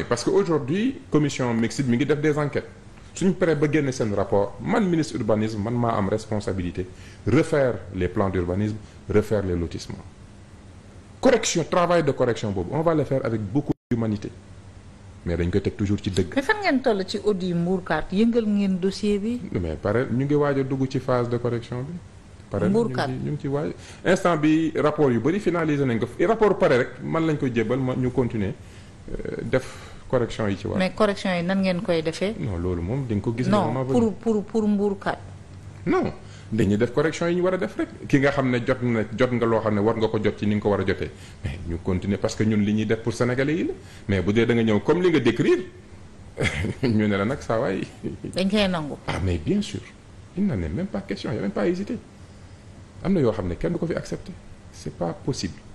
yi parce que aujourd'hui commission mixte mi ngi def des enquêtes suñu paree ba génne seen rapport man ministre urbanisme man maa am responsabilité refaire les plans d'urbanisme refaire les lotissements correction travail de correction boobu on va le faire avec beaucoup d'humanité mais dañ koy teg toujours ci dëgg. mais fan ngeen toll ci audit yi Mbourkat yëngal ngeen mais pare ñu ngi waaj dugg ci phase de correction bi. pare ñu ngi ci waaj instant bi rapport yu bëri finalisé nañ ko rapport pare rek man lañ koy jébbal ma ñu continuer. def correction yi ci war. mais correction yi nan ngeen koy defee. non loolu moom dañ ko gis. non pour pour pour mbuurkat. non dañuy def correction yi ñu war a def rek ki nga xam ne jot jot nga loo xam ne war nga ko jot ci ni nga ko war a jotee mais ñu continuer parce que ñun li ñuy def pour sénégalais mais bu dee danga nga ñëw comme li nga décrire ñu ne la nag saa waay. dañ koy nangu. ah mais bien sûr il n'en est même pas question y a même pas hésité am na yoo xam ne kenn du ko fi accepter c'est pas possible.